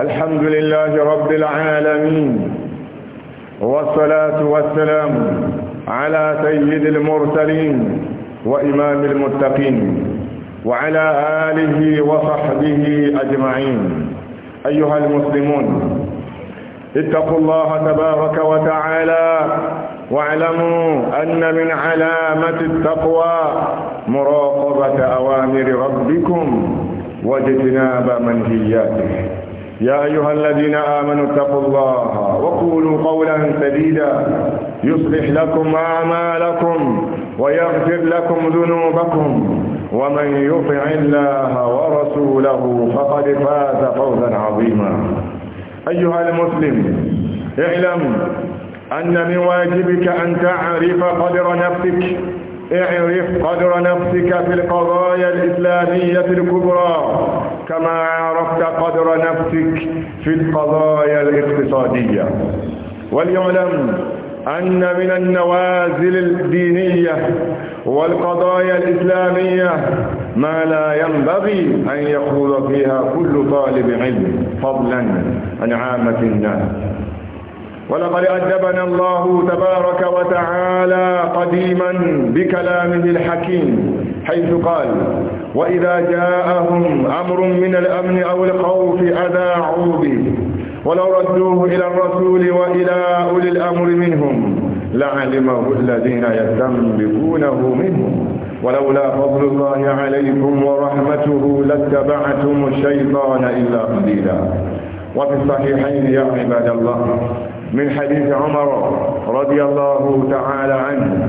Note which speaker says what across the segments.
Speaker 1: الحمد لله رب العالمين والصلاة والسلام على سيد المرسلين وإمام المتقين وعلى آله وصحبه أجمعين أيها المسلمون اتقوا الله تبارك وتعالى واعلموا أن من علامة التقوى مراقبة أوامر ربكم واجتناب منهياته يا أيها الذين آمنوا اتقوا الله وقولوا قولا سديدا يصلح لكم أعمالكم ويغفر لكم ذنوبكم ومن يطع الله ورسوله فقد فاز فوزا عظيما أيها المسلم اعلم أن من واجبك أن تعرف قدر نفسك اعرف قدر نفسك في القضايا الإسلامية الكبرى كما عرفت قدر نفسك في القضايا الاقتصادية وليعلم أن من النوازل الدينية والقضايا الإسلامية ما لا ينبغي أن يخوض فيها كل طالب علم فضلا عن عامة الناس ولقد أدبنا الله تبارك وتعالى قديما بكلامه الحكيم حيث قال وإذا جاءهم أمر من الأمن أو الخوف أذاعوا به ولو ردوه إلى الرسول وإلى أولي الأمر منهم لعلمه الذين يستنبطونه منهم ولولا فضل الله عليكم ورحمته لاتبعتم الشيطان إلا قليلا وفي الصحيحين يا عباد الله من حديث عمر رضي الله تعالى عنه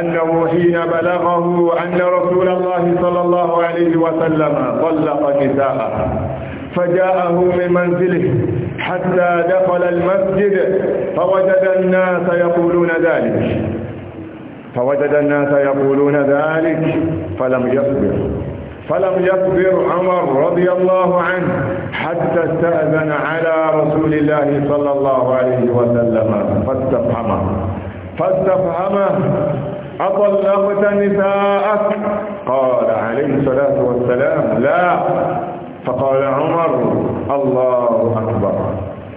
Speaker 1: أنه حين بلغه أن رسول الله صلى الله عليه وسلم طلق نساءه فجاءه من منزله حتى دخل المسجد فوجد الناس يقولون ذلك فوجد الناس يقولون ذلك فلم يصبر فلم يصبر عمر رضي الله عنه حتى استأذن على رسول الله صلى الله عليه وسلم فاستفهمه فاستفهمه أطلقت نساءك قال عليه الصلاة والسلام لا فقال عمر الله أكبر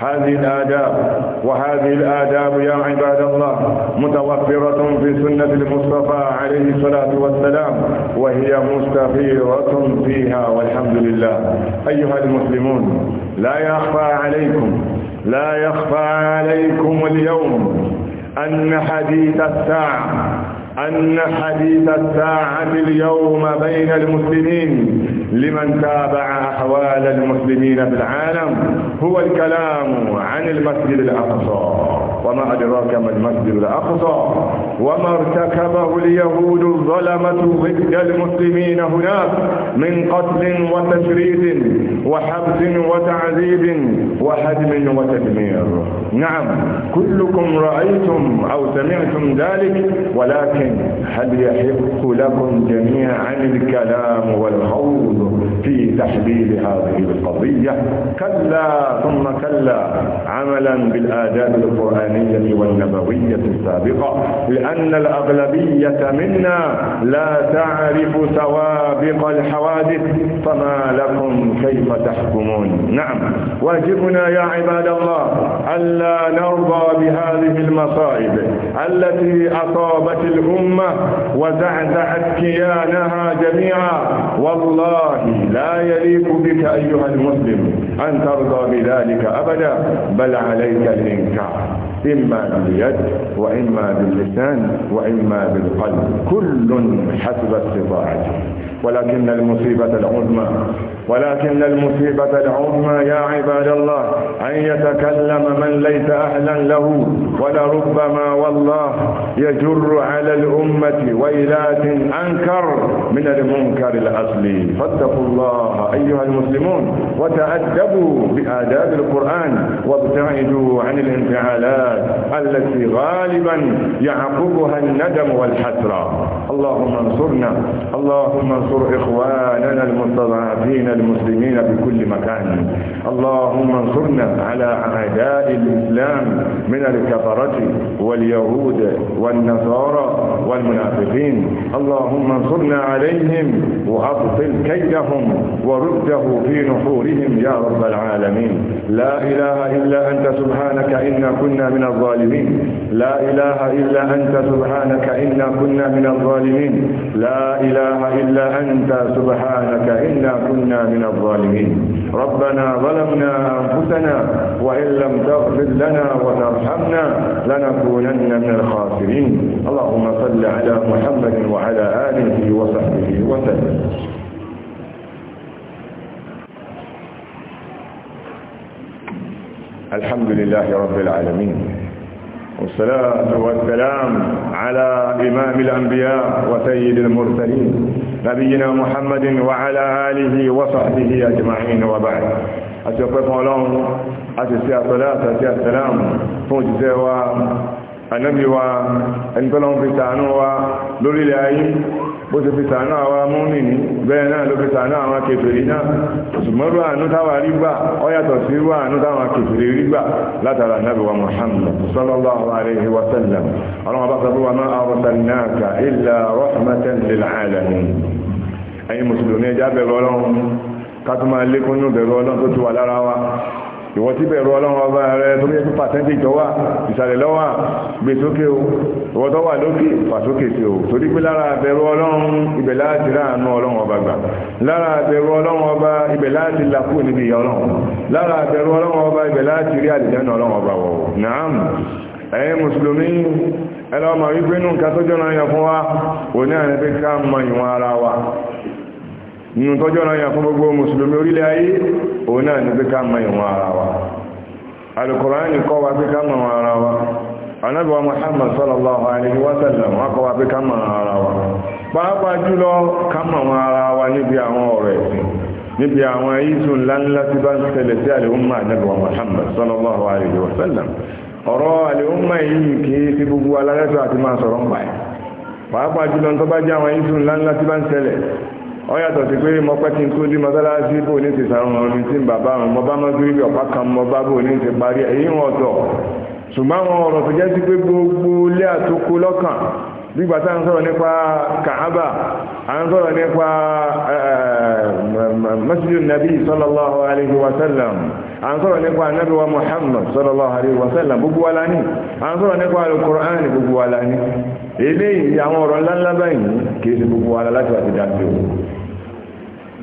Speaker 1: هذه الآداب وهذه الآداب يا عباد الله متوفرة في سنة المصطفى عليه الصلاة والسلام وهي مستفيرة فيها والحمد لله أيها المسلمون لا يخفى عليكم لا يخفى عليكم اليوم أن حديث الساعة أن حديث الساعة اليوم بين المسلمين لمن تابع أحوال المسلمين في العالم هو الكلام عن المسجد الأقصى وما أدراك ما المسجد الأقصى وما ارتكبه اليهود الظلمة ضد المسلمين هناك من قتل وتشريد وحبس وتعذيب وهدم وتدمير نعم كلكم رأيتم أو سمعتم ذلك ولكن هل يحق لكم جميعا الكلام والخوض في تحديد هذه القضية كلا ثم كلا عملا بالآداب القرآنية القرآنية والنبوية السابقة لأن الأغلبية منا لا تعرف سوابق الحوادث فما لكم كيف تحكمون نعم واجبنا يا عباد الله ألا نرضى بهذه المصائب التي أصابت الأمة وزعزعت كيانها جميعا والله لا يليق بك أيها المسلم أن ترضى بذلك أبدا بل عليك الإنكار إما باليد وإما باللسان وإما بالقلب كل حسب استطاعته ولكن المصيبة العظمى ولكن المصيبة العظمى يا عباد الله أن يتكلم من ليس أهلا له ولربما والله يجر على الأمة ويلات أنكر من المنكر الأصلي فاتقوا الله أيها المسلمون وتأدبوا بآداب القرآن وابتعدوا عن الانفعالات التي غالبا يعقبها الندم والحسرة اللهم انصرنا اللهم انصر إخواننا المستضعفين المسلمين بكل مكان اللهم انصرنا على أعداء الإسلام من الكفرة واليهود والنصارى والمنافقين اللهم انصرنا عليهم وأبطل كيدهم ورده في نحورهم يا رب العالمين لا إله إلا أنت سبحانك إنا كنا من الظالمين لا إله إلا أنت سبحانك إنا كنا من الظالمين الظالمين لا إله إلا أنت سبحانك إنا كنا من الظالمين ربنا ظلمنا أنفسنا وإن لم تغفر لنا وترحمنا لنكونن من الخاسرين اللهم صل على محمد وعلى آله وصحبه وسلم الحمد لله رب العالمين والصلاة والسلام على إمام الأنبياء وسيد المرسلين نبينا محمد وعلى آله وصحبه أجمعين وبعد أتوقف لهم أتسيا صلاة أتسيا السلام فوجزوا ànábì wa ẹnitọ́lọ́ fi ṣàánú wa lórílẹ̀ ayé bó ti fi ṣàánú àwa mùmínì bẹ́ẹ̀ náà ló fi ṣàánú àwọn kèfèrí náà ṣùgbọ́n rú àánú táwa rí gbà ó yàtọ̀ sí rú àánú táwa kèfèrí rí gbà látara ànábì wa Muhammad sallallahu alayhi wa sallam ọlọ́wọ́n ìwọ tí bẹ̀rù ọlọ́run ọba rẹ tó yẹ kí pàṣẹ́ntéjì tó wà ìsàlẹ̀ lọ́wà gbé sókè o ìwọ tó wà lókè fàsókè sí o torí pé lára bẹ̀rù ọlọ́run ibẹ̀ láti ráàánú ọlọ́run ọba gbà lára bẹ̀rù ọlọ́run ọba ibẹ̀ láti làkú níbi ìyá ọlọ́run lára bẹ̀rù ọlọ́run ọba ibẹ̀ láti rí àlìjáná ọlọ́run ọba wọ̀ nàám ẹ̀yin mùsùlùmí ẹlọ́mọ wípé nù nínú tọ́jọ́ náà yà fún gbogbo mùsùlùmí orílẹ̀ ayé òun náà ní pé ká mọ ìwọ̀n ara wa alukùránì kọ́ wa pé ká mọ ìwọ̀n ara wa ànábì wa muhammad sallallahu alaihi wasallam wọ́n kọ́ wa pé ká mọ ara wa pàápàá jùlọ ká mọ ìwọ̀n ara wa níbi àwọn ọ̀rọ̀ ẹ̀sìn níbi àwọn ìṣù ńláńlá tí bá ń ṣẹlẹ̀ sí àlèhùnmá ànábì muhammad sallallahu alaihi wasallam ọ̀rọ̀ wọ́n yàtọ̀ sí pé mo pẹ́ kí n tó dí mọ́sálásí bò ní ti sàrùn ọ̀run tí bàbá mi mo bá mọ́ sí ibi ọ̀pá kan mo bá bò ní ti parí èyí wọn ọ̀tọ̀ ṣùgbọ́n àwọn ọ̀rọ̀ tó jẹ́ sí pé gbogbo ilé àtúkú lọ́kàn nígbà tá à ń sọ̀rọ̀ nípa kàábà à ń sọ̀rọ̀ nípa eh, masjidu nabi sallallahu alayhi à ń sọ̀rọ̀ nípa anabi muhammad sallallahu alayhi gbogbo wa lani à ń sọ̀rọ̀ nípa alukur'an gbogbo wa lani eléyìí àwọn ọ̀rọ̀ ńláńlá báyìí kì í ṣe gbogbo wa láti wà ti dá o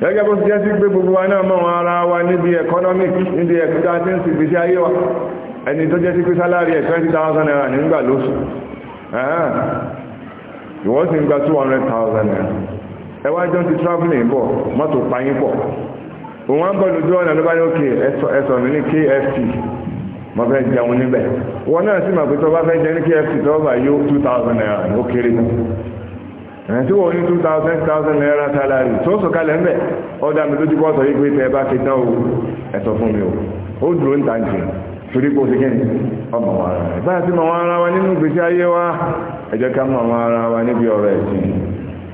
Speaker 1: gẹ́gẹ́ bó ti jẹ́ sí pé gbogbo wa náà wọn ara wa níbi economic níbi ẹ̀kúta tí ń sì gbèsè ayé wa ẹni tó jẹ́ sí pé sálárì ẹ̀ 20,000 naira nígbà lóṣù ìwọ́n sì ń gba 200,000 naira ẹwájọ́ ti traveling bọ̀ mọ́tò payín pọ̀ òun á bọ̀ lójú ọ̀nà ló bá ní òkè ẹ̀sọ̀ mi ní KFC mo fẹ́ jẹun níbẹ̀ wọn náà sì mọ̀ pé tó bá fẹ́ jẹ ní KFC tó bá yóò 2,000 naira ó kéré ẹ̀yìn tí wọ́n ní 2,000 naira salary tó sọ̀kalẹ̀ ń bẹ̀ ọdá mi tó ti kọ́ sọ yí pé tẹ́ bá ti tán o ẹ̀sọ̀ fún mi o ó dúró ń tàǹtì torí kó ti kẹ́ni ọmọ wa ara rẹ̀ báyà sí mọ̀ wọn ara wa nínú ìgbésí ayé wa ẹ jẹ́ ká mọ̀ wọn ara wa níbi ọ̀rọ̀ ẹ̀sìn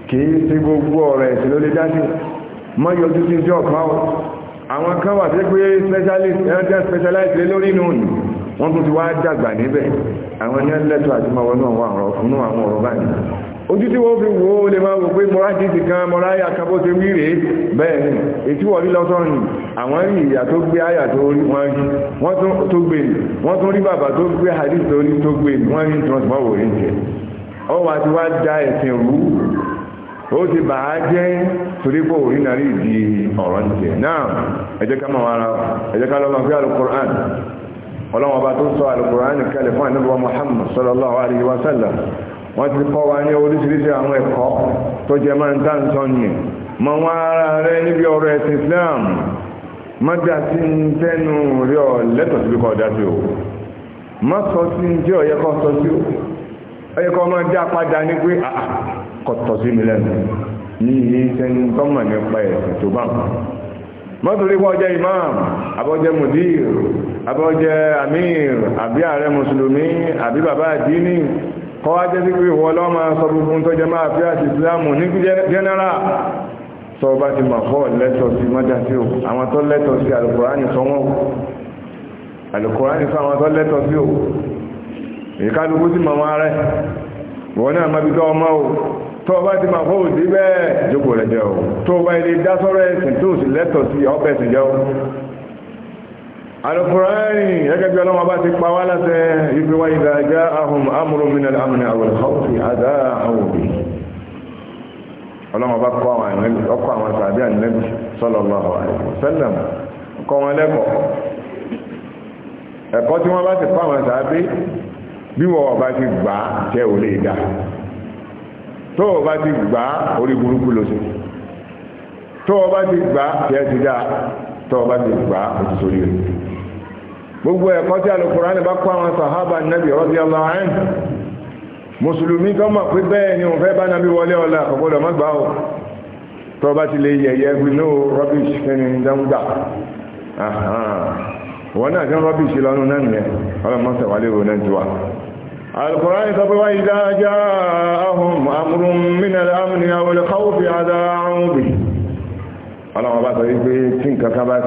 Speaker 1: kìí sí gbogbo ọ̀rọ̀ ẹ̀sìn ló lè dá sí mọ́ yọjú sí ìjọ ọ̀pá o àwọn kan wà sí pé specialist ẹran tí a specialist lé lórí nù ní wọ́n tún ti wá dàgbà níbẹ̀ àwọn ẹni ẹlẹ́tọ̀ àti mọ̀ wọn náà ọ̀rọ̀ fún àwọn ọ̀rọ̀ báyìí ojú tí wọ́n fi wò ó lè máa wò pé mọ́rájì ti kan mọ́ráyà kábó ti wí rèé bẹ́ẹ̀ ni ètí wọ́n rí lọ́sàn ni àwọn rí ìyà tó gbé àyà tó rí wọ́n rí wọ́n tó gbé ni wọ́n tún rí bàbá tó gbé hadith tó rí tó gbé ni wọ́n rí tí wọ́n ti wọ́n wò rí jẹ ọwọ́ àti wá da ẹ̀sìn rú ó ti bà á jẹ́ torí pé òrí náà rí ìdí ọ̀rọ̀ ń jẹ náà ẹ jẹ́ ká mọ̀ ara tó sọ alukur'an kalẹ̀ fún ànábì wa Muhammad sallallahu alayhi wa wọ́n ti kọ́ wa ní oríṣiríṣi àwọn ẹ̀kọ́ tó jẹ máa ń dá nǹkan nì mọ wọn ara rẹ níbi ọ̀rọ̀ ẹ̀sìn Islam má dá sí ń tẹnu rí ọ lẹ́tọ̀ọ́ síbi kọ́ ọ̀dá sí o má sọ sí ń jẹ́ ọ̀yẹ́ kọ́ sọ sí o ọ̀yẹ́ kọ́ máa dá padà ní pé ah, ah, kò tọ́ sí mi lẹ́nu ní ilé iṣẹ́ ní tọ́mà nípa ẹ̀sìn tó bá mọ́ torí wọ́n jẹ́ imam abọ́jẹ́ mudir abọ́jẹ́ amir àbí ààrẹ mùsùlùmí àbí bàbá àdínì kọ́wá jẹ́ sí pé wọ́n lọ́ máa sọ gbogbo tó jẹ máa fi àti ìsìlámù ní jẹ́nẹ́rà sọ bá ti mà fọ́ lẹ́tọ̀ sí mọ́já sí o àwọn tó lẹ́tọ̀ sí alùkùránì sọ wọ́n alùkùránì sọ àwọn tó lẹ́tọ̀ sí o ìkálukú sí màmá rẹ̀ wọ́n náà máa bí tọ́ ọmọ o tó bá ti máa fọ́wọ́ sí bẹ́ẹ̀ jókòó rẹ̀ jẹ́ o tó bá ilé dá sọ́rọ̀ ẹ̀sìn tó sì lẹ́tọ̀ sí ọbẹ̀ alukurani gẹ́gẹ́ bí ọlọ́wọ́ bá ti pa wá láti ibi wá ìgbà já ahùn amúrò mi náà amúnà àwọn ọ̀fì àdá àwọn òbí ọlọ́wọ́ bá kọ́ àwọn àìmọ́lẹ́bí ọkọ̀ àwọn sàbí àìmọ́lẹ́bí sọ́lọ́ lọ́wọ́ sẹ́lẹ̀m kọ́ tí wọ́n ti pa àwọn ti gbà á orí burúkú gbogbo ẹ̀kọ́ tí alùkùránì bá kọ́ àwọn sàhábà nàbì radiyallahu anhu mùsùlùmí tó mọ̀ pé bẹ́ẹ̀ ni òun fẹ́ bá nàbí wọlé ọ̀la àkọ́gbọ́dọ̀ mọ́gbà ó tó bá ti lè yẹ̀yẹ́ gbinú rọ́bìṣì fẹ́ni dáńgbà wọn náà jẹ́ rọ́bìṣì lọ́nu náà nìyẹn ọlọ́mọ́sẹ̀ القرآن تطوى إذا جاءهم أمر من الأمن أو الخوف أذاعوا به ọlọ́wọ́ bá sọ wípé tí nǹkan ká bá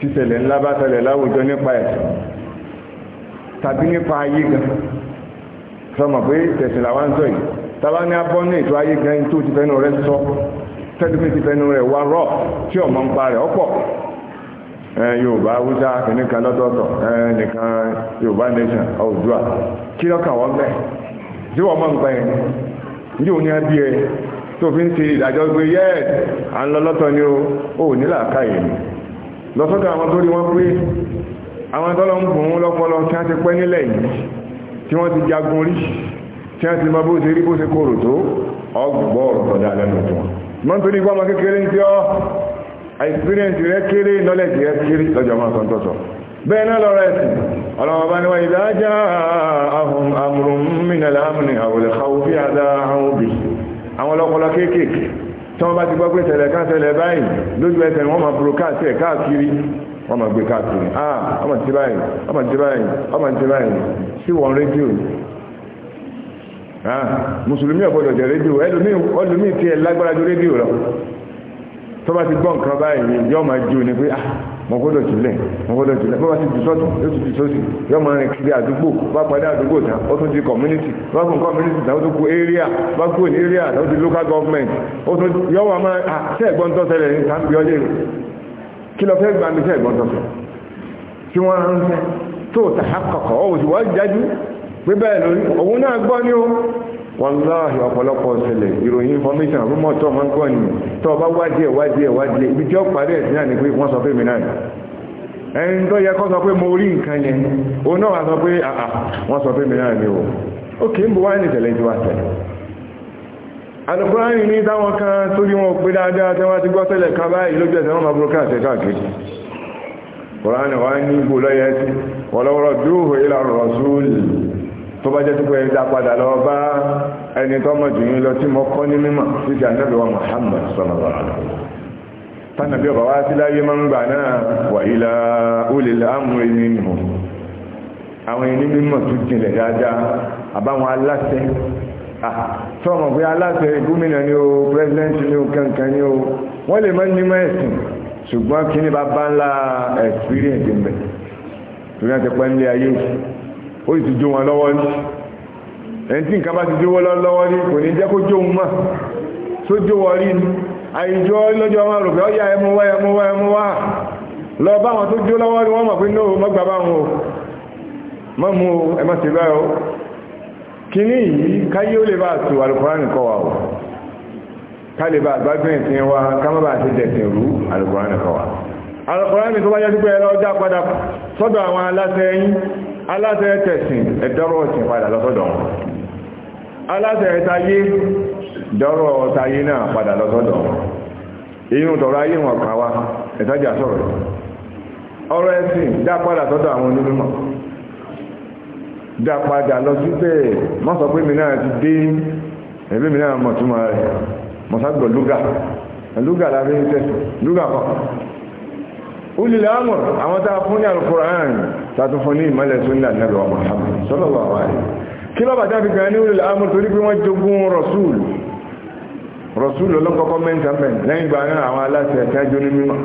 Speaker 1: títẹ̀lẹ̀ ńlá bá tẹ̀lẹ̀ láwùjọ nípa ẹ̀ tàbí nípa ayé gan sọmọ pé tẹ̀sìn làwọn ń sọ yìí tàbá ní abọ́ ní ètò ayé gan tó ti fẹ́nu rẹ̀ sọ tẹ́lifí ti fẹ́nu rẹ̀ wá rọ̀ tí ọmọ ń pa rẹ̀ ọ̀pọ̀ yorùbá wúsá nìkan lọ́tọ̀ọ̀tọ̀ nìkan yorùbá nation ọ̀dùà kí lọ́kàn wọ́n bẹ́ẹ̀ tí wọ́n mọ̀ ń pẹ́ ní òní ẹbí ẹ tó fi ń ṣe ìdájọ́ gbé yẹ́ẹ̀ à ń lọ lọ́tọ̀ ni ó ò nílà káyè ni lọ́sọ́dọ̀ àwọn tó rí wọ́n pé àwọn tọ́lọ ń bùn lọ́pọlọ tí a ti pẹ́ nílẹ̀ yìí tí wọ́n ti jagun rí tí a ti mọ bó ṣe rí bó ṣe kòrò tó ọgbọ̀ ọ̀dọ̀dà lẹ́nu tó wọ́n tó ní gbọ́mọ kékeré tí ọ experience rẹ kéré knowledge rẹ kéré lọ́jọ́ máa sọ tọ́tọ̀ bẹ́ẹ̀ náà lọ́rọ̀ ẹ̀sìn ọlọ́mọba ni wọ́n ìdá já ahùn amúrùn mìnàlámùnì àwòlẹ̀kọ́ àwọn tí wọ́n bá ti gbọ́ pé tẹ̀lẹ̀ ká tẹ̀lẹ̀ báyìí lójú ẹsẹ̀ wọ́n máa broadcast ẹ̀ káàkiri wọ́n máa gbé káàkiri ah ọmọ ti báyìí ọmọ ti báyìí ọmọ ti báyìí sí wọn rédíò ah mùsùlùmí ọ̀gbọ́dọ̀ jẹ rédíò ẹlòmíì tiẹ̀ lágbára ju rédíò lọ tó bá ti gbọ́ nǹkan báyìí yọ́ máa ju ni pé ah mo gbọ́dọ̀ jùlẹ̀ mo gbọ́dọ̀ jùlẹ̀ bọ́bá ti jù sọ́tún yóò ti jù sósì yóò máa rìn kiri àdúgbò bá padà àdúgbò tán ó tún di community bá fún community tán ó tún kú area bá kú ní area tán ó di local government ó tún yọ wà máa àṣẹ ẹ̀gbọ́n tó ṣẹlẹ̀ ní tàbí ọdẹ rẹ̀ kí lọ fẹ́ gbàmí ṣẹ́ ẹ̀gbọ́n tó ṣẹ tí wọ́n ń fẹ́ tó tàhákọ̀kọ̀ ó sì wọ́n jájú pé bẹ́ẹ̀ lórí òun náà gbọ́ ní o wàláhì ọ̀pọ̀lọpọ̀ ṣẹlẹ̀ ìròyìn information rúmọ̀ tó máa ń gbọ́ ni tó bá wádìí ẹ̀ wádìí ẹ̀ wádìí ibi tí ó parí ẹ̀ náà ni pé wọ́n sọ pé mi náà ẹni tó yẹ kó sọ pé mo rí nǹkan yẹn o náà wà sọ pé àà wọ́n sọ pé mi náà ni o ó kì í bu wá ní ìṣẹ̀lẹ̀ ìjọba alukurani ní táwọn kan tó rí wọn pé dáadáa tí wọ́n ti gbọ́ tẹ́lẹ̀ kan báyìí lójú ẹsẹ̀ wọn máa burúkà àti ẹ̀ka àkejì kùránì wá ní ibò lọ́yẹ̀ sí wọ́lọ́wọ́rọ̀ dúró ìlà rọ̀súùlì tó bá jẹ́ tó pẹ́ dá padà lọ bá ẹni tó mọ̀ jù yín lọ tí mo kọ́ ní mímọ̀ sí ti ànábẹ̀wà Muhammad sallallahu alaihi wasallam tánàbí ọ̀bà wá sí láyé máa ń gbà náà wà ilá ulil amri minhum àwọn ẹni mímọ̀ tó jìnlẹ̀ dáadáa àbáwọn aláṣẹ tọ́mọ̀ pé aláṣẹ gómìnà ni o pẹ́sidẹ́ntì ni o kankan ni o wọ́n lè máa nímọ̀ ẹ̀sìn ṣùgbọ́n kí ní bá bá ńlá experience ń bẹ̀ torí àti pẹ́ ńlẹ̀ ayé ó sì jó wọn lọ́wọ́ ní ẹni tí nǹkan bá ti jó wọn lọ́wọ́ ní kò ní jẹ́ kó jó wọn tó jó wọn rí àìjọ lọ́jọ́ wọn rò pé wá lọ bá wọn tó jó lọ́wọ́ ní wọ́n mọ̀ pé mọ́gbà bá wọn o mọ́ mú ẹ o yìí káyé wa o ká lè bá wa ká má ti dẹ̀sìn rú wa aláṣẹ tẹ̀sìn ẹ̀dọ́rọ̀ ọ̀sìn padà lọ́sọ́dọ̀ wọn aláṣẹ ẹ̀tayé dọ́rọ̀ ọ̀tayé náà padà lọ́sọ́dọ̀ wọn inú tọ̀rọ̀ ayé wọn kà wá ẹ̀tajà sọ̀rọ̀ ọ̀rọ̀ ẹ̀sìn dá padà sọ́dọ̀ àwọn onímọ̀ dá padà lọ sí bẹ́ẹ̀ má sọ pé mi náà ti dé ẹ̀bí mi náà mọ̀ túmọ̀ rẹ̀ mọ̀ságbọ̀ lúgà lúgà lábẹ́ ń tẹ̀sìn lúgà kan ó lè láàmù àwọn tá a fún ní àlùkùránì tàtún fún ní ìmọ́lẹ̀ súnlẹ̀ nẹ́bẹ̀ ọmọ sọ́lọ́wọ́ àwárí kí lọ́bà jáfi gan ní olùlẹ̀ amúr torí pé wọ́n jogún rọ̀súùlù rọ̀súùlù ọlọ́kọ̀ọ́kọ́ mẹ́ntàmẹ́ lẹ́yìn ìgbà náà àwọn aláṣẹ ẹ̀tẹ́jọ́ ní mímọ́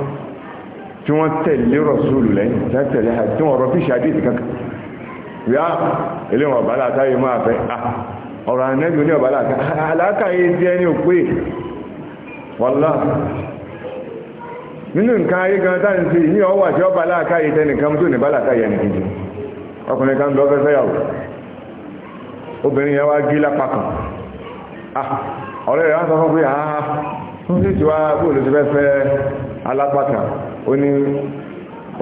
Speaker 1: tí wọ́n tẹ̀lé rọ̀súùlù lẹ́yìn tẹ́tẹ̀lé àti ọ̀rọ̀ fíṣì àdìsì kankan yá ilé wọn bá láta nínú nǹkan ayé gan tá ń ṣe ìní ọwà tí ọba láàkáyé tẹnìkan tó ní bálàkáyé ẹnì ya ọkùnrin kan lọ fẹ́fẹ́ yàwó obìnrin yẹn wá gí lápá ah, ọ̀rẹ́ rẹ̀ wá sọ fún pé àá ah, fún sí ti wá bóòlù ti fẹ́fẹ́ alápá kan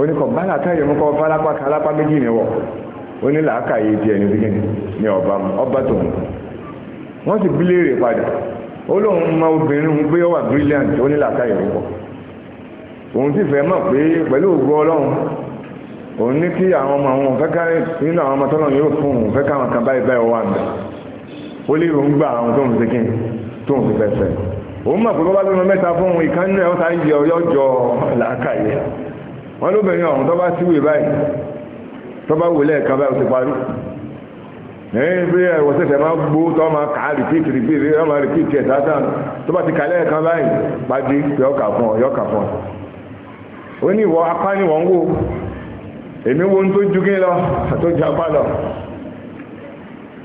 Speaker 1: oníkọ̀ bálàkáyé mú kọ́ fálápá kan alápá méjì níwọ̀ onílàákàyè ti ẹni sígìn ní ọba tòun wọ́n sì bílé rè padà ó lóun ma òun sì fẹ́ mọ̀ pé pẹ̀lú ọla ọlọ́run òun ní kí àwọn ọmọ àwọn òfẹ́ká nínú àwọn ọmọ tọ́lọ̀ yóò fún òun fẹ́ kan báyìí báyìí ó lè rò ń àwọn tó ń kín tó ń fi òun mọ̀ pé bọ́bá lọ́nà mẹ́ta fún òun ìkan náà ọyọ́ jọ làákàyè wọn lóbìnrin ọ̀hún báyìí wò lẹ́ẹ̀kan báyìí ó ti parí bí ó ní ìwọ ni wọ́n wò èmi wo ń tó ju lọ tó ju apá lọ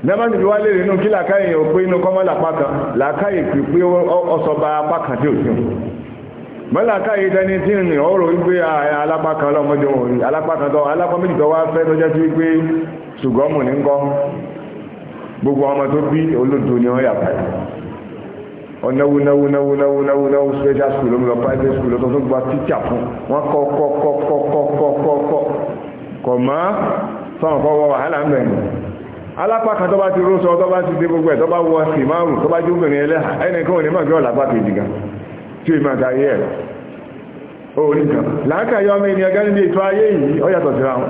Speaker 1: lẹ́mọ́sì wá lè nínú kí làákàyè ò pé inú kọ́mọ́ làpá kan làákàyè pè pé ọsọ apá kan tí ò sí mọ́ làákàyè tẹni tí ń rìn ọ̀rọ̀ wípé alápá kan lọ́mọdé wọn alápá kan gbogbo ọmọ tó bí ọ̀nàwó náwó ya ya special school ló private school ló tó gba teacher fún wọn kọ́ kọ́ kọ́ kọ́ kọ́ kọ́ kọ́ kọ́ kọ̀ mọ́ sọ̀rọ̀ kọ́ wàhálà ń tó bá ti rúsọ tó bá ti dé gbogbo ẹ̀ tó bá wọ sí márùn tó bá jẹ́ obìnrin ẹlẹ́hà ẹnìkan ò ní mọ̀ bí kejì gan tí ẹ̀ ọmọ ènìyàn ètò ayé yìí síra wọn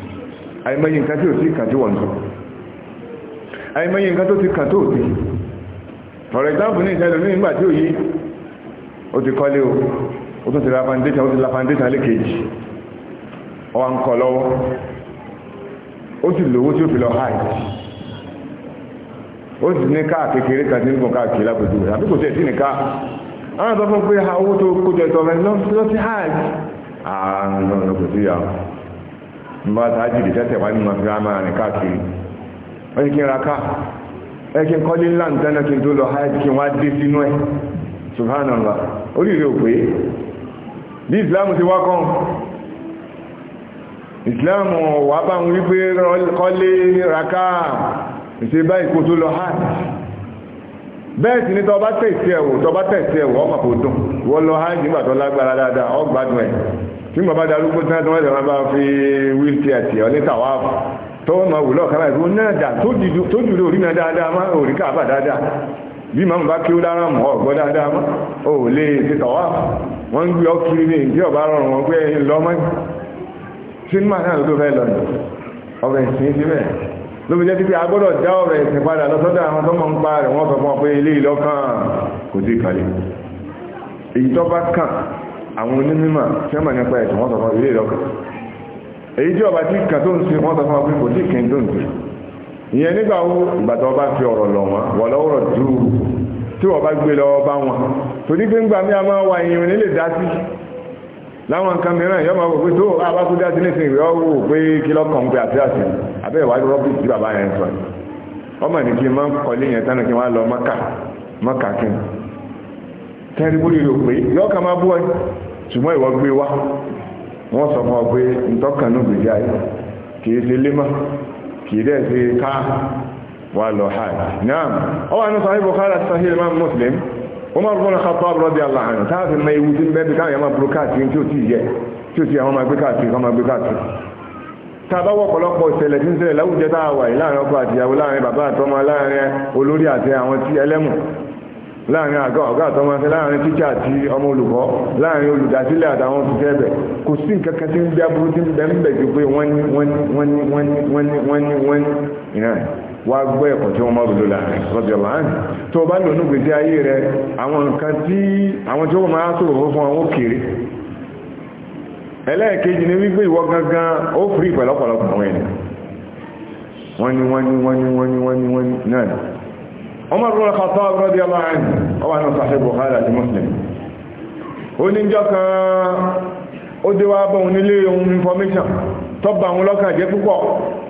Speaker 1: àìmọye nǹkan tí ò sí kàtí wọ̀n tó àìmọye nǹkan tó ti kà tó òtí for example ní ìṣẹ́lẹ̀ nígbà tí ò yí ó ti kọ́lé o ó tún ti ra foundation ó ti la foundation lékejì ọwà ń kọ lọ́wọ́ ó sì lówó tí ó fi lọ hajj ó sì ní káà kékeré kan tí ń gùn káàkiri lápòjú rẹ̀ àbí kò tẹ̀ sí nìka àwọn àtọ́fún pé ah, owó tó kójọ ìtọ́fẹ́ lọ sí hajj àà ń lọ kò sí ìyàwó nígbà tàájì lè tẹ́tẹ̀ wá nínú ọ̀fẹ́ àmà rìn káàkiri wọ́n ti kí n ra ká ẹ kí n kọ́lé ńlá nǹkan náà kí n tó lọ háyà kí n wá dé sínú ẹ̀ subhanallah oríire ò pé bí ìsìláàmù ti wá kàn ìsìláàmù wà bá ń wípé kọ́lé ra ká ìṣe báyìí tó lọ háyà bẹ́ẹ̀ sì ni tọba tẹ̀sí ẹ̀wò tọba tẹ̀sí ẹ̀wò ọmọ kò dùn wọ́n lọ hajj nígbà tó lágbára dáadáa ọgbàdùn ẹ̀ tí mo bá darúgbó tí wọ́n bá fi wíl tí ẹ̀ tì ọ́ ní tó wọ́n náà dà tó jù lórí náà dáadáa má òrí káàbà dáadáa bí màmú bá kí ó dára mọ́ ọ̀gbọ́ dáadáa má ò lè wọ́n ń gbé ọ ní ìdí rọrùn wọn lóbi jẹ́ títí agbọ́dọ̀ já ọ̀rọ̀ ẹ̀sìn padà lọ́sọ́dọ̀ àwọn tó mọ̀ ń pa rẹ̀ wọ́n sọ fún ọ pé ilé ìlọ́kàn kò sí ìkàlẹ̀ èyí tó bá kàn àwọn onímọ̀ tí wọ́n mọ̀ nípa ẹ̀sìn wọ́n sọ fún ilé ìlọ́kàn èyí tí ọba tí kàn tó ń sin wọ́n sọ fún ọ pé kò sí ìkìn tó ń sin ìyẹn nígbà wo ìgbà tó bá fi ọ̀rọ̀ lọ̀ láwọn nǹkan mìíràn yọ́ máa wò pé tó àbá tó nísìn ìwé ọwọ́ wò pé kí lọ́kàn pé àti àti abẹ́ ìwádìí rọ́bì tí bàbá yẹn sọ ọmọ ní kí n máa ń yẹn tánà kí n wá lọ mọ́kà mọ́kà kí n tẹ́rí bó lè rò pé gbé wà lọ náà Umar bin Khattab radiyallahu anhu táàfin mọ ewu tí ń bẹ́ẹ̀ bí káwọn yẹn máa burú káàkiri tí ó ti yẹ tí ó ti yẹ àwọn máa gbé káàkiri àwọn máa gbé káàkiri tàbá wọ̀ pọ̀lọpọ̀ ìṣẹ̀lẹ̀ tí ń ṣẹlẹ̀ láwùjọ tá a wà yìí láàrin ọkọ àtìyàwó láàrin bàbá àtọmọ láàrin olórí àti àwọn tí ẹlẹ́mù láàrin àgọ́ ọ̀gá àtọmọ àti láàrin tíṣà àti ọmọ olùkọ́ láàrin olùdásílẹ̀ àtàwọn òṣìṣẹ́ ẹ̀bẹ̀ kò sí nǹkan kan tí ń bí aburú tí ń bẹ ń bẹ ju pé wọ́n ní wọ́n ní wọ́n ní wọ́n ní wọ́n ní wọ́n wá gbọ́ ẹ̀kùn tí wọ́n mọ́ bùdó lọ́dọ̀lá tó bá lò ní gbèsè ayé rẹ àwọn nǹkan tí àwọn tí ó máa sọ̀rọ̀ fún fún àwọn kéré ẹlẹ́ẹ̀kejì na wípé ìwọ gangan ó fìrí ìpẹ̀lọ́pọ̀lọpọ̀ àwọn ni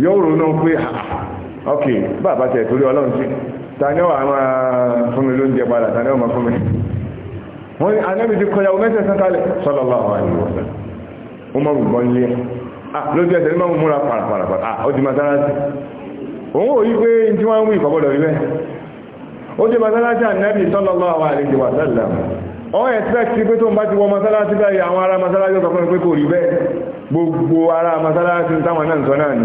Speaker 1: yóò ronú pé ok bàbá tẹ̀ torí ọlọ́run sí ta ni wàá máa mi padà ta ni mi wọ́n ní anábì ti kọjá omẹ́sẹ̀ sátálẹ̀ sallallahu ó gbọ́n ah, lójú ẹsẹ̀ ní máa múra parapara ah, ó òun ò yí pé tí wọ́n ń rí bẹ́ẹ̀ ó ẹ̀sẹ̀kì pé tó ń bá ti wọ báyìí àwọn ará fún mi pé kò rí bẹ́ẹ̀ gbogbo ará táwọn náà ń sọ náà ni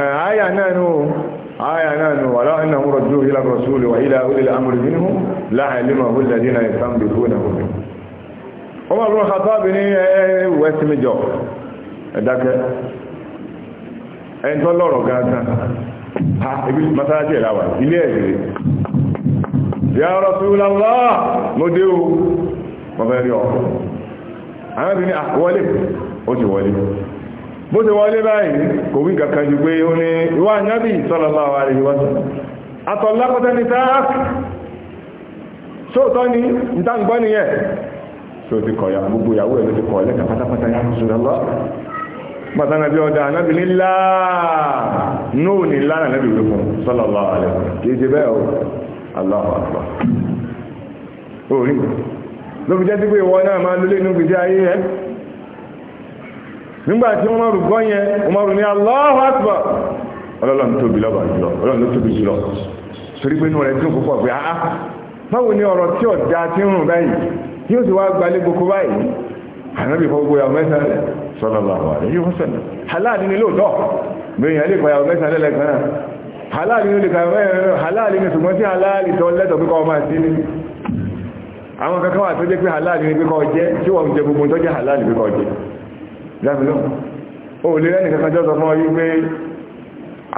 Speaker 1: àyà náà nù àyà náà nù wàlá ẹ̀nà ń rọ̀jú ìlà rọ̀súlù wà ìlà orí àmúrí nínú láàrínlẹ́mà húlẹ̀dí na ìtàmbì fún ẹ̀hùn ọmọ ọ̀rọ̀ kàtàbí ní ẹ̀ẹ́wẹ̀ẹ́sìmìjọ ẹ̀dákẹ́ ẹ̀ntọ́ lọ́rọ̀ gángan ha ibi masáájì ìlàwà ilé ẹ̀rẹ̀ ya rọ̀súlọ́lá mo dé o mọ̀fẹ́ rí ọ bó ti wọlé báyìí kò wí kankan jù pé ó ní ìwà nábì sallallahu alaihi wasallam àtọ̀lápọ̀tẹ́ ní sáàkì sóòtọ́ ní ìtàǹgbọ́ ni yẹ tó ti kọ̀yà gbogbo ìyàwó ẹ̀ ló ti kọ̀ọ̀lẹ́ kà pátápátá yà Rasulullah pàtàkì bí ọdá anábì ní láàá nóò ní láàá náà lórí fún sallallahu alaihi wasallam kìí ṣe bẹ́ẹ̀ o akbar orí ló fi jẹ́ sí pé ìwọ náà máa lólé nú nígbàtí wọ́n márùn gọ́ yẹn wọ́n márùn ní Allahu Akbar ọlọ́lọ́n tóbi lọ́ba jùlọ ọlọ́lọ́n tóbi jùlọ torí pé inú rẹ̀ dùn púpọ̀ pé áá báwo ni ọ̀rọ̀ tí ọ̀dá ti ń rùn báyìí tí ó sì wá gbalé gbogbo báyìí ànábì fọ́ gbogbo yàwó mẹ́ta rẹ̀ sọ́nà làwà rẹ̀ yóò sọ̀nà aláàdì ni lóòótọ́ bẹ́ẹ̀ yẹn lè pa yàwó mẹ́ta lẹ́lẹ̀ kan náà aláàdì ni lè ka yàwó mẹ́ta aláàdì ni ṣùgbọ́n tí aláàdì tó lẹ́tọ̀ pé kọ́ máa sí ni àwọn kankan wà tó jẹ́ pé aláàdì ni pé jẹ́ tí wọ́n jẹ gbogbo tó jẹ́ aláàdì pé kọ́ jẹ́ dámilọ́ o lè rẹ́ nìkan jọ́ sọ fún ọ yí pé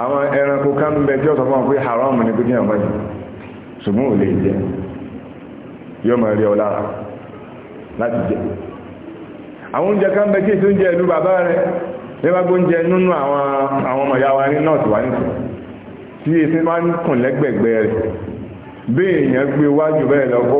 Speaker 1: àwọn ẹranko ká bẹ jọ́ sọ fún ọ pé haram ní pínlẹ̀ ọmọ yìí ṣùgbọ́n lè jẹ yóò máa rí ọ lára láti jẹ àwọn oúnjẹ ká bẹ kéèsì oúnjẹ ìlú bàbá rẹ nínú àwọn ní north nìkan tí èsì máa ń kùn lẹ́gbẹ̀gbẹ̀ rẹ̀ bí èèyàn gbé wájú bẹ́ẹ̀ lọ kó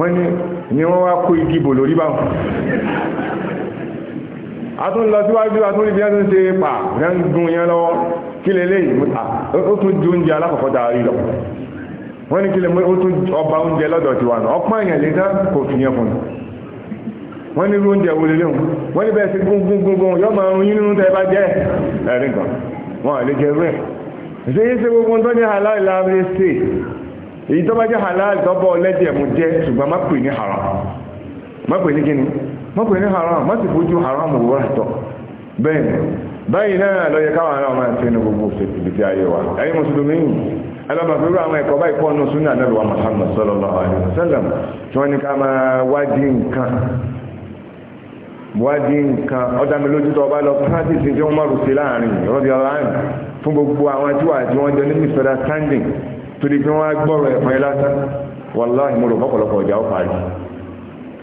Speaker 1: wọ́n ní ni wọ́n wá kó igi bò lórí báwọn a tún lọ síwájú a tún rí bí wọ́n tún ṣe pa gángun yẹn lọ́wọ́ kí lè lè ìmúta ó tún ju oúnjẹ alákọ̀ọ́kọ́ dáa rí lọ wọ́n ní kí lè ó tún ọba oúnjẹ lọ́dọ̀ tiwa náà ọpọ́n èèyàn lè tán kò fi yẹn fún un wọ́n ní irú oúnjẹ wo lè léwu wọ́n ní bẹ́ẹ̀ sí gúngúngún yọ́ máa rún yín nínú tẹ́ bá jẹ́ ẹ̀rí nǹkan wọ́n à lè jẹ́ rú ẹ̀ ṣe é ṣe gbogbo tó ní aláìláàrí ṣe èyí tó bá jẹ́ halal tọ́bọ̀ lẹ́jẹ̀ mú jẹ́ ṣùgbọ́n má pè ní haram má pè ní kíni má pè ní haram má sì fojú haram wò rátọ̀ bẹ́ẹ̀ ni báyìí náà lọ́yẹ káwọn ará ọmọ àti ẹnu gbogbo ṣètìlì tí ayé wa ẹ̀yin mùsùlùmí alábàbẹ̀rù àwọn ẹ̀kọ́ báyìí pọ́nù súnà náà wà Muhammad sallallahu alaihi wasallam tí wọ́n ní ká máa wádìí nǹkan wádìí nǹkan ọ̀dàmilójú tó ọba lọ practice tí wọ́n mọ̀rù sí láàrin rọ́bì ọ̀rọ̀ àrùn fún gbogbo àwọn tí tí wọ́n jọ ní misunderstanding torí pé wọ́n á gbọ́rọ̀ ẹ̀fọn ẹ lásán wàláhì mo rò pọ̀pọ̀lọpọ̀ ọjà ó parí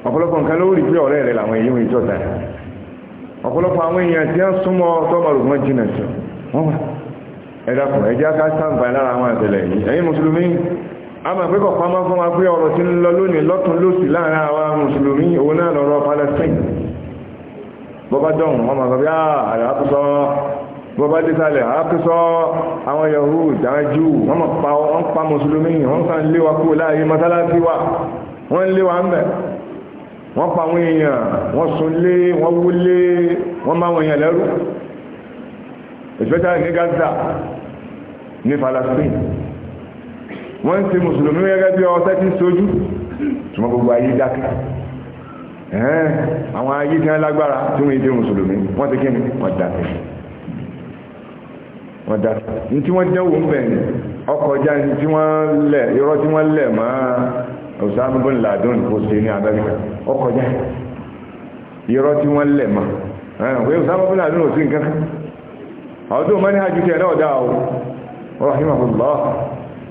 Speaker 1: ọ̀pọ̀lọpọ̀ nǹkan ló rí pé ọ̀rẹ́ rẹ̀ làwọn èyí wọn ìjọta ọ̀pọ̀lọpọ̀ àwọn èèyàn tí wọ́n súnmọ́ tọ́mọ̀ rò wọ́n jìnà sí wọ́n wà ẹ̀dàkùn ẹ̀já ká sáǹfà lára àwọn àtẹ̀lẹ̀ yìí ẹ̀yin mùsùlùmí a máa pẹ́kọ̀ pamọ́ fún wa pé ọ̀rọ̀ tí ń lọ lónìí lọ́tún lósì láàrin àwa mùsùlùmí òun náà lọ́rọ̀ Palestine bọ́bá dọ̀hùn wọ́n máa sọ bí ààrẹ àkúsọ́ bọ́bá désàlẹ̀ àápẹ́sọ́ àwọn yahoo dájú wọ́n mọ̀ pa wọ́n pa mùsùlùmí wọ́n kàn lé wa kú láàyè mọ́sálásí wa wọ́n lé wa ń bẹ̀ wọ́n pa àwọn èèyàn wọ́n sun lé wọ́n wúlé wọ́n máa wọ̀nyàn lẹ́rú especially ní Gaza ní Palestine wọ́n ti mùsùlùmí gẹ́gẹ́ bí ọtẹ́ tí sojú túnmọ̀ gbogbo ayé dákẹ́ ẹ̀hẹ́n àwọn ayé tí wọ́n lágbára tí wọ́n ti wọ́n ti kí ni wọ́n dákẹ́ wọ́n dá ní tí wọ́n dẹ́wò ń bẹ̀ ní ọkọjá ní tí wọ́n lẹ̀ tí wọ́n lẹ̀ kò sí ní tí wọ́n lẹ̀ pé ò sí nǹkan kan ọdún hajj tẹ̀ náà dá o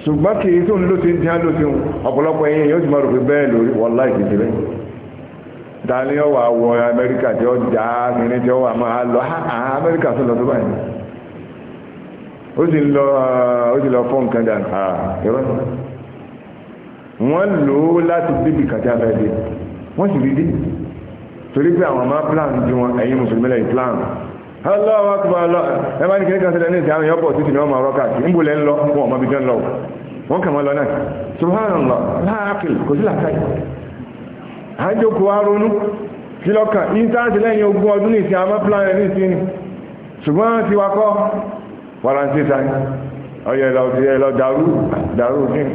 Speaker 1: ṣùgbọ́n tó ń ti ń tí ọ̀pọ̀lọpọ̀ ẹ̀yìn yóò ti máa rò bẹ́ẹ̀ lórí wallahi ìdíje bẹ́ẹ̀ àwọ̀ Amẹ́ríkà tí ó já wà máa lọ Amẹ́ríkà tó lọ ó sì lọ ó sì lọ fọ́ ẹ̀rọ ah, wọ́n lò ó láti wọ́n sì torí pé àwọn plan ju wọn ẹ̀yin mùsùlùmí lẹ́yìn plan ẹ bá ní kíní kan sílẹ̀ ní ìsìn àwọn èèyàn pọ̀ ní wọ́n máa rọ́kà sí níbo lẹ́ ń lọ wọn ọmọ ibi ń lọ wọn kàn lọ náà kò sí làákàyè kí lọ́kàn ní ogún ọdún plan ní ìsìn ṣùgbọ́n ti faransé ta ni ọyọ ẹlọ ti ẹlọ dàrú dàrú kí ni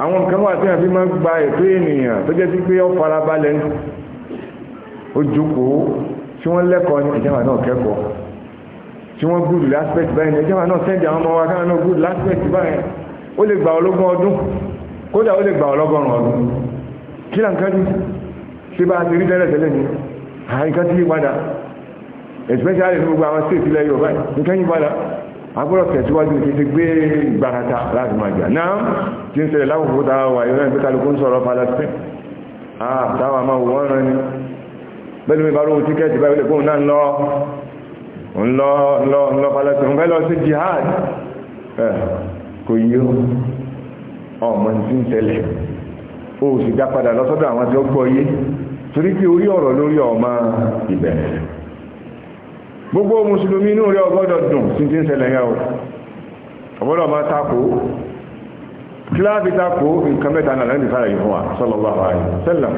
Speaker 1: àwọn nǹkan wà tí a fi máa ń gba ètò ènìyàn tó jẹ́ sí pé ó farabalẹ̀ ní ojúkòó tí wọ́n lẹ́kọ̀ọ́ ní ìjọba náà kẹ́kọ̀ọ́ tí wọ́n gúdù láspẹ̀tì báyìí ní ìjọba náà sẹ́ndì àwọn ọmọ wa káwọn náà gúdù láspẹ̀tì báyìí ó lè gbà ọlọ́gbọ̀n ọdún kódà ó lè gbà ọlọ́gọ́rùn ọdún kí là ń kájú ṣé bá a ti rí tẹ́lẹ̀ tẹ́lẹ̀ ni àìkan ti yí padà especially ní gbogbo àwọn state ilẹ̀ Yorùbá nǹkan yí padà agbọ́dọ̀ tẹ̀síwájú kí ti gbé ìgbàrata láti máa jà náà tí ń ṣẹlẹ̀ láwùfò dáwà ìrọ̀ ìpẹ́tàlùkú ń sọ̀rọ̀ Palestine àtàwà máa wò wọ́n rán ni bẹ́ẹ̀ lómi bá rú tíkẹ́ẹ̀tì báyìí lẹ́kùn náà lọ ńlọ Palestine ń fẹ́ lọ sí jihad kò yíó ọmọ tí ń ṣẹlẹ̀ ó sì dá padà lọ́sọ́dọ̀ àwọn tí ó gbọ́ yé torí pé orí ọ̀rọ̀ lórí ọmọ ìbẹ̀rẹ̀ gbogbo mùsùlùmí inú rẹ̀ ọgbọ́dọ̀ dùn tí ti ń ṣẹlẹ̀ yà ọgbọ́dọ̀ máa takò kíláàfi takò nǹkan mẹ́ta náà lẹ́ndì sára yìí fún wa sallallahu alaihi wasallam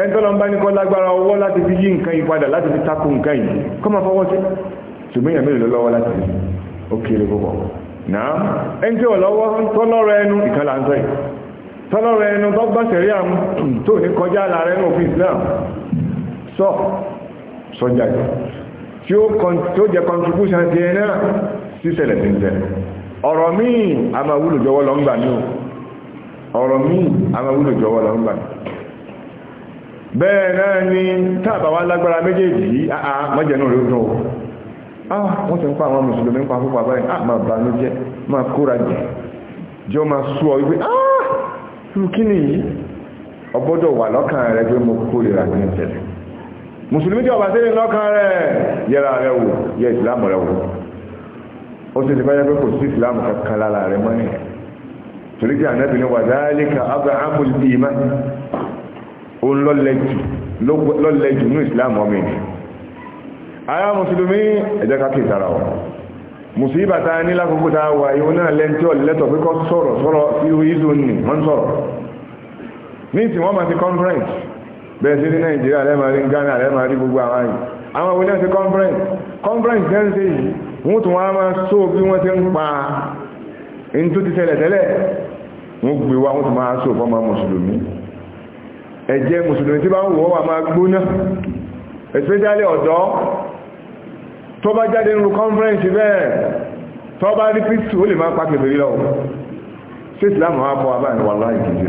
Speaker 1: ẹni tọ́lọ ń bá ní kọ́ lágbára ọwọ́ láti fi yí nǹkan yìí padà láti fi takò nǹkan yìí kọ́ máa fọwọ́ sí ṣùgbọ́n èèyàn mélòó lọ́wọ́ láti fi ó kéré púpọ̀ náà ẹni tí ọ̀lọ́wọ́ tọ́lọ́rọ̀ ẹnu ìkan là tí ó jẹ contribution ti ẹ̀ náà sí sẹ̀lẹ̀ sí sẹ̀ ọ̀rọ̀ míì a máa wúlò jọ̀wọ́ lọ ń gbà ní o ọ̀rọ̀ míì a máa wúlò jọ̀wọ́ lọ ń gbà ní bẹ́ẹ̀ náà ni tàbà wá lágbára méjèèjì yìí àà mọ́jẹ̀nú rẹ̀ dùn ó ah, wọ́n ti ń ah, ah, ní jẹ́ mùsùlùmí tí ọba sílẹ̀ lọ́kàn rẹ̀ yẹra rẹ̀ wò yẹ ìsìlámù rẹ̀ wò ó sì ti báyẹ̀ pé kò sí ìsìlámù kankan lára rẹ̀ mọ́ ni torí tí ànábì ní wàdálíkà abrahamul bímá ó lọ́lẹ̀ jù ní ìsìlámù ọmọ ènìyàn ara mùsùlùmí ẹ̀jẹ̀ ká kìí sára wọn mùsùlùmí bàtà ní lákòókò tá a wà yóò náà lẹ́ntí ọ̀lẹ́tọ̀ pé kọ́ sọ̀rọ̀ sọ̀rọ̀ sí ìzò bẹ́ẹ̀ sí ní nàìjíríà lẹ́màá rí ghana lẹ́màá rí gbogbo àwọn àyè àwọn òwe náà ti conference conference tẹ́ ń ṣe yìí wọ́n tún wá máa só bí wọ́n ti ń pa ní tó ti tẹ́lẹ̀ tẹ́lẹ̀ wọ́n gbé wá wọ́n tún máa só fọ́mọ mùsùlùmí ẹ̀jẹ̀ mùsùlùmí tí bá ń wọ́ máa gbóná especially ọ̀dọ́ tó bá jáde nínú conference bẹ́ẹ̀ tó bá rí píṣù ó lè máa pàkè fèrè lọ sí ìsìlámù wá fọ́ abáyẹ̀wà láì kìí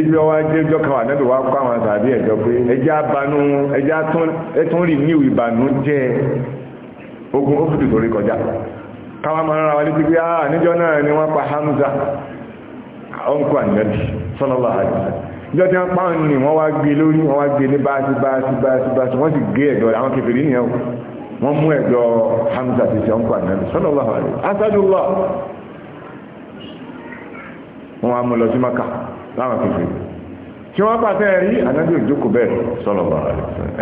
Speaker 1: ibi ọwa ajé ẹjọ́ kan wà nẹ́bí wá kọ́ àwọn àtàbí ẹ̀jọ́ pé ẹjẹ́ abanú ẹjẹ́ rí ìbànú ogun ó fìdí torí kọjá káwọn máa rárá wọn pé ah náà ni pa Hamza ọ̀nkọ́ ànẹ́bí sọ́nọ́lá àjọ ìjọ tí pa ni wá gbé lórí wá gbé ní báàsì báàsì báàsì báàsì sì gé àwọn kẹfìrí nìyẹn mú Hamza ti ṣe àjọ mú láwọn kìfì kí wọ́n rí bẹ́ẹ̀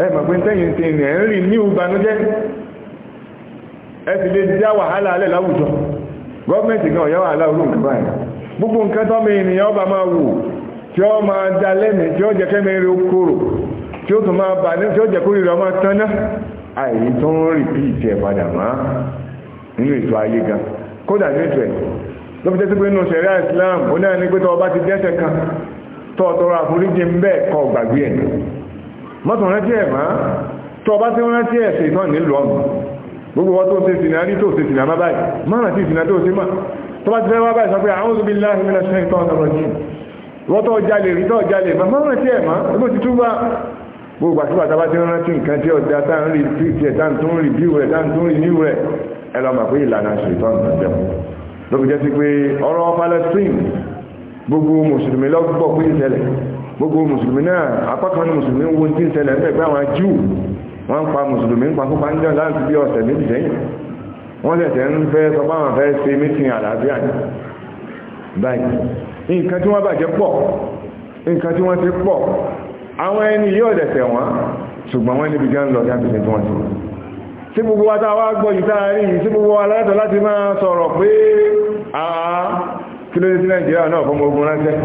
Speaker 1: ẹ mọ̀ pé tẹ́yìn tí ẹ̀ ń rí ní ìbànújẹ́ ẹ sì lè wàhálà alẹ́ láwùjọ náà wàhálà olú gbogbo nǹkan mi ọba máa wù tí máa da tí ó jẹ́ tí ó tún máa bà ní tí ó jẹ́ ọmọ tán náà àyè tó ń lọ́pítẹ́ sí pé nínú ṣẹ̀ríà Islam ó náà ní pé tọ́ ọba ti dẹ́ṣẹ̀ kan tọ́ ọ̀tọ̀rọ̀ àforíjì ń bẹ́ẹ̀ kọ gbàgbé ẹ̀ mọ́tò rántí ẹ̀ máa tọ́ ọba tí ó rántí ẹ̀ ṣe ìtàn nílùú ọ̀nà gbogbo wọ́n tó ṣe sìnà rí tó ṣe sìnà má báyìí má rántí ìsìnà tó ṣe má tọ́ bá ti fẹ́ wá báyìí sọ pé a'udhu billahi minash shaitanir rajim wọ́n tọ́ jalè rí tọ́ jalè má rántí ẹ̀ má ó ti túbà gbogbo àtúbà tá a bá ti rántí nǹkan tí ọ̀dà tá à ń rí tí ẹ̀ tá à tún rí bíu rẹ̀ tá tún rí níwú rẹ̀ ẹ pé ìlànà ṣètọ́ nǹkan jẹun ló fi jẹ́ sí pé ọ̀rọ̀ Palestine gbogbo mùsùlùmí lọ́gbọ̀ pé ń ṣẹlẹ̀ gbogbo mùsùlùmí náà apákan ní mùsùlùmí wo ti ń ṣẹlẹ̀ ńbẹ̀ pé àwọn Júù wọ́n ń pa mùsùlùmí ń pa púpà ń jẹ́ láti bí ọ̀sẹ̀ méjì sẹ́yìn wọ́n lẹ̀tẹ̀ ń fẹ́ sọ pé àwọn fẹ́ ṣe mítìn àlàáfíà ní báyìí nǹkan tí wọ́n bàjẹ́ pọ̀ nǹkan tí wọ́n ti pọ̀ àwọn ẹni yóò dẹ̀tẹ̀ wọ́n ṣùgbọ́n wọ́n níbi jẹ́ ń lọ dábìsẹ̀ tí wọ́n ti sí gbogbo wa táa wá gbọ́ ìtaari sí gbogbo wa látọ̀ láti máa sọ̀rọ̀ pé àá kí ló dé sí Nàìjíríà náà fọmọ ogun ránṣẹ́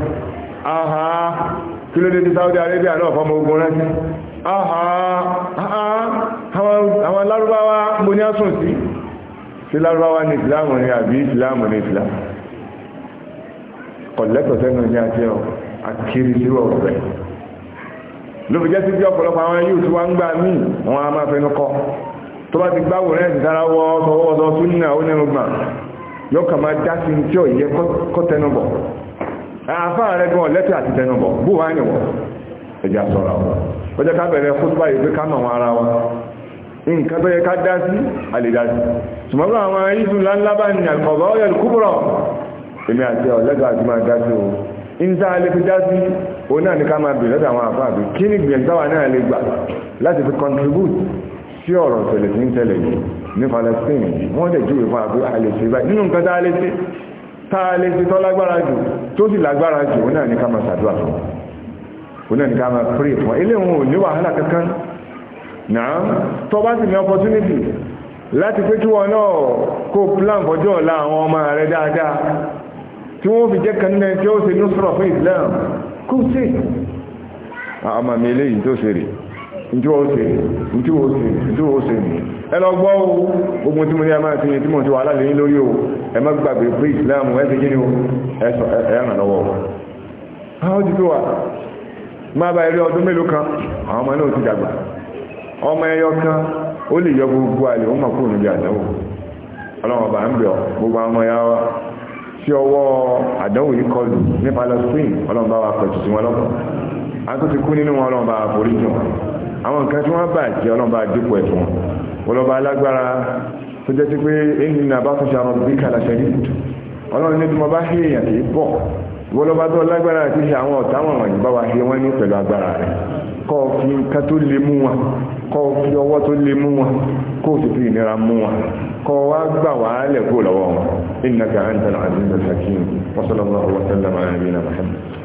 Speaker 1: àá kí sí Saudi Arabia náà fọmọ ogun ránṣẹ́ àá àwọn lárúbáwá mo ní àsùn sí sí lárúbáwá ní ìsìláàmù ni àbí ìsìláàmù ní ìsìláàmù kọ̀lẹ́tọ̀ sẹ́nu ní àti ọ̀ àkiri sí ọ̀rẹ́ ló fi jẹ́ sí bí ọ̀pọ̀lọpọ̀ àwọn yóò tí wọ́n ń gbà míì wọ́n á máa fẹnu kọ́ tó bá ti gbáwò rẹ̀ dára wọ́ ọ̀sọ̀wọ́sọ̀ tún ní àwọn onírúgbà yóò kà máa já sí tí ò yẹ kọ́ tẹnubọ̀ àfáà rẹ̀ gan lẹ́tẹ̀ àti tẹnubọ̀ bú wá ní wọ̀ ẹjà sọ̀rọ̀ àwọn ọjọ́ ká bẹ̀rẹ̀ fútbà yìí ká mọ̀ ara wa nǹkan tó yẹ ká dá sí àlèdá sí ṣùgbọ́n àwọn ìlú ńláńlá bá ní àkọ̀bọ̀ ọ̀yọ̀ kúbọ̀rọ̀ èmi àti ọ̀lẹ́gbà àti máa dá sí o ìta lè fi dá sí o náà ní ká máa bèèrè lọ́dọ̀ àwọn àfáà kí ni gbìyànjú táwa náà lè gbà láti fi contribute tí ọ̀rọ̀ tẹ̀lẹ̀ sí ń tẹ̀lẹ̀ yìí ní Palestine wọ́n dẹ̀ júwe fún àgbé àlè ṣe báyìí nínú nǹkan táa lè ṣe táa lè ṣe tó lágbára jù tó sì lágbára jù ó náà ní ká máa ṣàdúrà fún ó náà ní ká máa pray fún eléwọn ò ní wàhálà kankan náà tó bá sì ní opportunity láti pé kí wọn náà kó plan fọjọ́ ọ̀la àwọn ọmọ rẹ dáadáa tí wọ́n fi jẹ́ kan tí ó ṣe nusra fún Islam kó ṣe àwọn eléyìí tó ṣe rèé ndị ose ṣe ntí ẹlọgbọ́ ogun tí mo ní a máa tí mo ti wà lórí o ẹ má gbàgbé pé ìsìláàmù ti o lọ́wọ́ ti máa bá ọdún mélòó kan àwọn ọmọ náà ti dàgbà ọmọ ẹyọ kan ó yọ gbogbo àlè kúrò níbi ọlọ́wọ́ bá ń bẹ̀ gbogbo àwọn ọmọ ya ọwọ́ yìí kọlù nípa lọ spain bá pẹ̀tù sí wọn kú àwọn nǹkan tí wọ́n bà jẹ́ b'a dípò ẹ̀tọ́ wọn ọlọ́ba alágbára tó jẹ́ sí pé èyí ni àbá fún ṣàrọ̀ bí kàlàṣẹ́ ní ìbùdó ọlọ́run ní bí bá ṣe èèyàn kì bọ̀ ìwọlọ́ba tó lágbára àti ṣe àwọn ọ̀tá wọn wọ̀nyí bá wa ṣe wọ́n ní pẹ̀lú agbára rẹ̀ kọ́ fi nǹkan tó lè mú wọn kọ́ fi ọwọ́ tó lè mú wọn kó